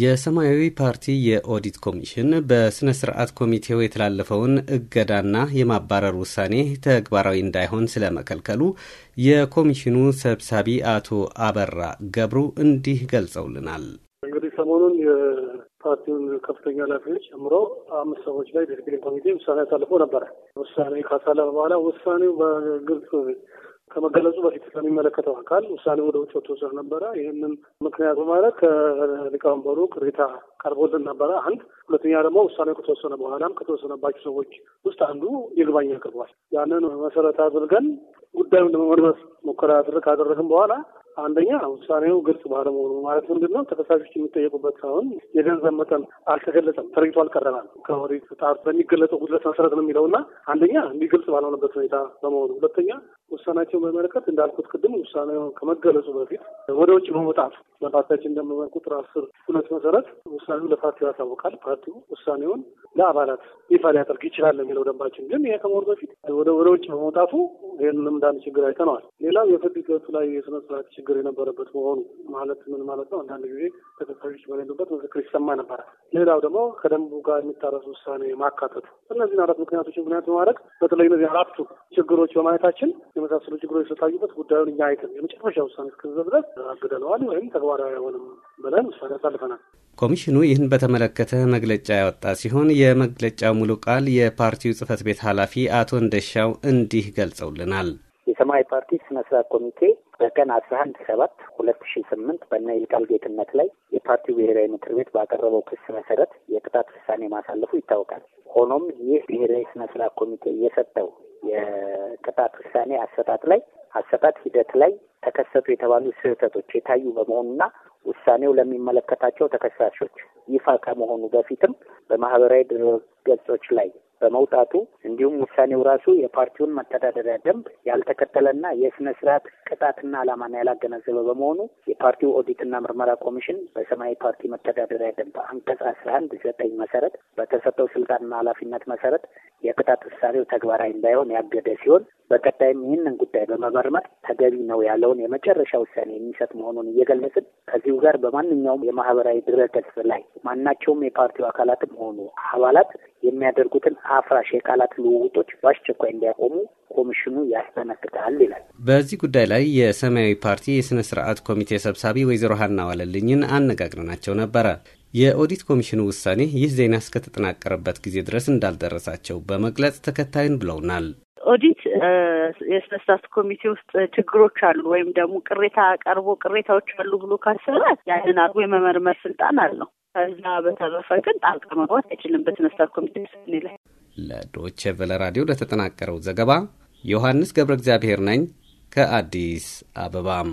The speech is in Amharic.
የሰማያዊ ፓርቲ የኦዲት ኮሚሽን በሥነ ሥርዓት ኮሚቴው የተላለፈውን እገዳና የማባረር ውሳኔ ተግባራዊ እንዳይሆን ስለመከልከሉ የኮሚሽኑ ሰብሳቢ አቶ አበራ ገብሩ እንዲህ ገልጸውልናል። እንግዲህ ሰሞኑን የፓርቲውን ከፍተኛ ኃላፊዎች ጨምሮ አምስት ሰዎች ላይ ዲስፕሊን ኮሚቴ ውሳኔ አሳልፎ ነበረ። ውሳኔ ካሳለፈ በኋላ ውሳኔው በግልጽ ከመገለጹ በፊት ከሚመለከተው አካል ውሳኔ ወደ ውጭ ወጥቶ ስለነበረ ይህንን ምክንያት በማድረግ ከሊቀመንበሩ ቅሬታ ቀርቦልን ነበረ። አንድ ሁለተኛ ደግሞ ውሳኔ ከተወሰነ በኋላም ከተወሰነባቸው ሰዎች ውስጥ አንዱ ይግባኝ አቅርቧል። ያንን መሰረት አድርገን ጉዳዩን ለመመርመር ሙከራ ካደረግን በኋላ አንደኛ ውሳኔው ግልጽ ባለመሆኑ ማለት ምንድን ነው? ተከሳሾች የሚጠየቁበት ሳይሆን የገንዘብ መጠን አልተገለጸም፣ ተለይቶ አልቀረናል። ከኦዲት ጣርት በሚገለጸው ጉድለት መሰረት ነው የሚለው እና አንደኛ እንዲህ ግልጽ ባልሆነበት ሁኔታ በመሆኑ፣ ሁለተኛ ውሳናቸውን በመለከት እንዳልኩት ቅድም ውሳኔው ከመገለጹ በፊት ወደ ውጭ በመውጣት በፓርቲያችን ደንብ ቁጥር አስር ሁለት መሰረት ውሳኔውን ለፓርቲው ያሳውቃል። ፓርቲው ውሳኔውን ለአባላት ይፋ ሊያደርግ ይችላል የሚለው ደንባችን፣ ግን ይሄ ከመሆኑ በፊት ወደ ውጭ በመውጣቱ ይህንንም እንዳንድ ችግር አይተነዋል። ሌላው የፍርድ ሂደቱ ላይ የስነ ስርዓት ችግር የነበረበት መሆኑ ማለት ምን ማለት ነው? አንዳንድ ጊዜ ተከታዮች በሌሉበት ምስክር ይሰማ ነበረ። ሌላው ደግሞ ከደንቡ ጋር የሚታረሱ ውሳኔ ማካተቱ እነዚህን አራት ምክንያቶች ምክንያት በማድረግ በተለይ እነዚህ አራቱ ችግሮች በማየታችን የመሳሰሉ ችግሮች ስለታዩበት ጉዳዩን እኛ አይተን የመጨረሻ ውሳኔ እስከዛ ድረስ አግደነዋል ወይም ተግባራዊ አይሆንም ብለን ውሳኔ አሳልፈናል። ኮሚሽኑ ይህን በተመለከተ መግለጫ ያወጣ ሲሆን የመግለጫው ሙሉ ቃል የፓርቲው ጽህፈት ቤት ኃላፊ አቶ እንደሻው እንዲህ ገልጸውልናል። የሰማያዊ ፓርቲ ስነ ስርዓት ኮሚቴ በቀን አስራ አንድ ሰባት ሁለት ሺ ስምንት በእነ ይልቃል ጌትነት ላይ የፓርቲው ብሔራዊ ምክር ቤት ባቀረበው ክስ መሰረት የቅጣት ውሳኔ ማሳለፉ ይታወቃል። ሆኖም ይህ ብሔራዊ ስነ ስርዓት ኮሚቴ የሰጠው የቅጣት ውሳኔ አሰጣጥ ላይ አሰጣጥ ሂደት ላይ ተከሰቱ የተባሉ ስህተቶች የታዩ በመሆኑና ውሳኔው ለሚመለከታቸው ተከሳሾች ይፋ ከመሆኑ በፊትም በማህበራዊ ድረ ገጾች ላይ በመውጣቱ እንዲሁም ውሳኔው ራሱ የፓርቲውን መተዳደሪያ ደንብ ያልተከተለና የስነ ስርዓት ቅጣትና ዓላማን ያላገናዘበ በመሆኑ የፓርቲው ኦዲትና ምርመራ ኮሚሽን በሰማያዊ ፓርቲ መተዳደሪያ ደንብ አንቀጽ አስራ አንድ ዘጠኝ መሰረት በተሰጠው ስልጣንና ኃላፊነት መሰረት የቅጣት ውሳኔው ተግባራዊ እንዳይሆን ያገደ ሲሆን በቀጣይም ይህንን ጉዳይ በመመርመር ተገቢ ነው ያለውን የመጨረሻ ውሳኔ የሚሰጥ መሆኑን እየገለጽን ከዚሁ ጋር በማንኛውም የማህበራዊ ድረገጽ ላይ ማናቸውም የፓርቲው አካላትም ሆኑ አባላት የሚያደርጉትን አፍራሽ የቃላት ልውውጦች በአስቸኳይ እንዲያቆሙ ኮሚሽኑ ያስጠነቅቃል ይላል። በዚህ ጉዳይ ላይ የሰማያዊ ፓርቲ የስነ ስርዓት ኮሚቴ ሰብሳቢ ወይዘሮ ሀና ዋለልኝን አነጋግረናቸው ነበረ። የኦዲት ኮሚሽኑ ውሳኔ ይህ ዜና እስከተጠናቀረበት ጊዜ ድረስ እንዳልደረሳቸው በመግለጽ ተከታዩን ብለውናል። ኦዲት የስነ ስርዓት ኮሚቴ ውስጥ ችግሮች አሉ ወይም ደግሞ ቅሬታ ቀርቦ ቅሬታዎች አሉ ብሎ ካሰበ ያንን አርጎ የመመርመር ስልጣን አለው። ከዛ በተረፈ ግን ጣልቃ መግባት አይችልም በስነ ስርዓት ኮሚቴ ውሳኔ ላይ። ለዶቼ ቬለ ራዲዮ ለተጠናቀረው ዘገባ ዮሐንስ ገብረ እግዚአብሔር ነኝ ከአዲስ አበባም